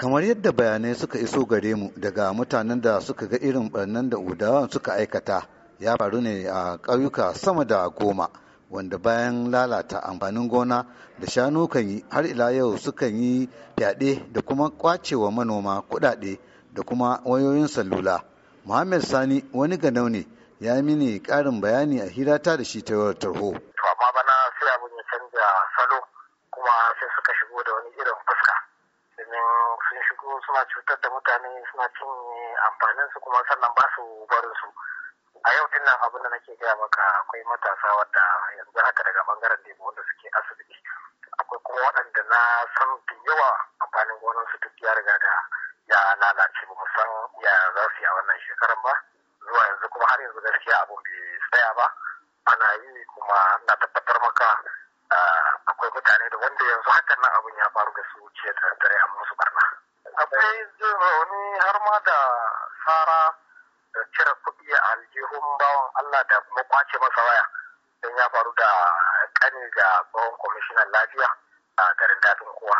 kamar yadda bayanai suka iso gare mu daga mutanen da suka ga irin barnan da udawan suka aikata ya faru ne a ƙauyuka sama da goma wanda bayan lalata amfanin gona da shanu kan yi har ila yau sukan yi fyaɗe da kuma kwacewa manoma kuɗaɗe da kuma wayoyin salula muhammad sani wani ga ne ya mini ƙarin bayani a hirata da shi ta yawar tarho amma bana sai abin ya canja salo kuma sai suka shigo da wani irin fuska sun shigo suna cutar da mutane suna cinye amfanin su kuma sannan ba su barin su a yau dinnan abin da nake gaya maka akwai matasa wadda yanzu haka daga bangaren lemo wanda suke asibiti akwai kuma waɗanda na san da yawa amfanin gonan su duk ya riga da ya lalace ba san ya za su yi a wannan shekaran ba zuwa yanzu kuma har yanzu gaskiya abun bai tsaya ba ana yi kuma na tabbatar maka mutane da wanda yanzu hakan nan abin ya faru da su jiya da dare a musu barna. Akwai rauni har ma da sara da cire kuɗi a aljihun bawan Allah da kuma kwace masa waya don ya faru da kani ga bawan kwamishinan lafiya a garin daɗin kowa.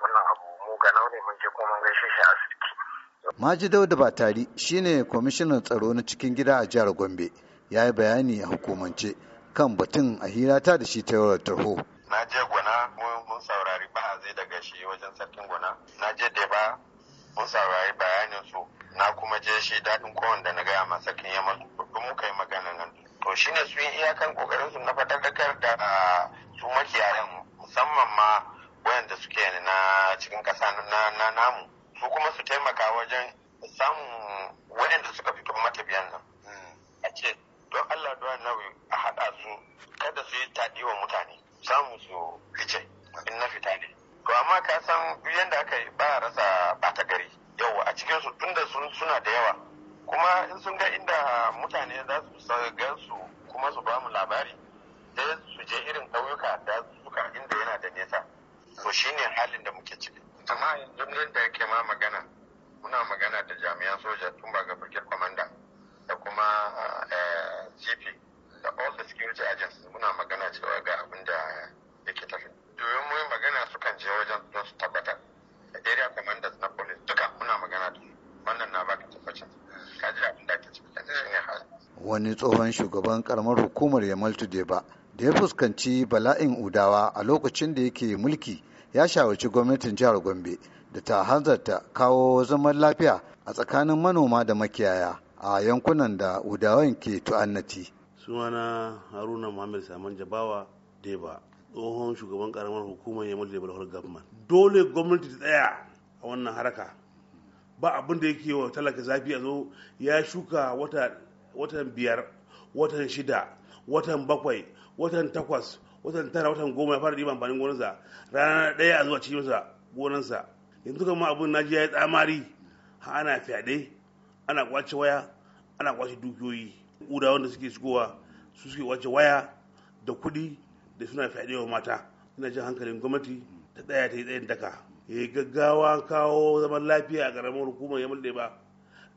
Wannan abu muga ne mun je kuma mun gaishe shi a asibiti. Maji Dauda Batari shine kwamishinan tsaro na cikin gida a jihar Gombe ya yi bayani a hukumance kan batun a hirata da shi ta yawar tarho. na je gwana mun saurari zai daga shi wajen sarkin gwana na je ba mun saurari bayanin su na kuma je shi daɗin kowane da na gaya ma sarkin ya masu muka yi magana nan to shine su yi iyakan kokarin su na fadakar da su makiyayen musamman ma wayanda suke na cikin ƙasa na namu su kuma su taimaka wajen samun wayanda suka fito matafiyan nan kuma ka san da aka yi ba rasa bata gari yau a cikin su tunda sun suna da yawa kuma in sun ga inda mutane za su gan su kuma su ba mu labari sai su je irin ƙauyuka da suka inda yana da nesa to shine halin da muke ciki amma yanzu da ke ma magana wani tsohon shugaban karamar hukumar yamal tude ba da ya fuskanci bala'in udawa a lokacin da yake mulki ya shawarci gwamnatin jihar gombe da ta hanzarta kawo zaman lafiya a tsakanin manoma da makiyaya a yankunan da udawan ke tu'annati sunana haruna muhammad saman jabawa deba tsohon shugaban karamar hukumar yamal da balhar government dole gwamnati ta tsaya a wannan haraka ba abin da yake wa talaka zafi a zo ya shuka wata watan biyar watan shida watan bakwai watan takwas watan tara watan goma ya fara ɗiban amfanin gonarsa rana ɗaya a zuwa cikinsa gonansa. yanzu kama abin na jiya ya yi tsamari ana fyaɗe ana kwace waya ana kwace dukiyoyi ƙuda wanda suke shigowa su suke kwace waya da kuɗi da suna fyaɗe wa mata ina jin hankalin gwamnati ta ɗaya ta yi tsayin daka ya yi gaggawa kawo zaman lafiya a ƙaramin hukumar ya mulɗe ba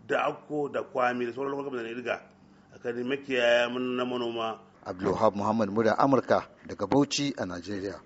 da akko da kwami da sauran lokacin da na irga A akan makiyaya na manoma abdulwahab muhammad murya amurka daga bauchi a Nigeria.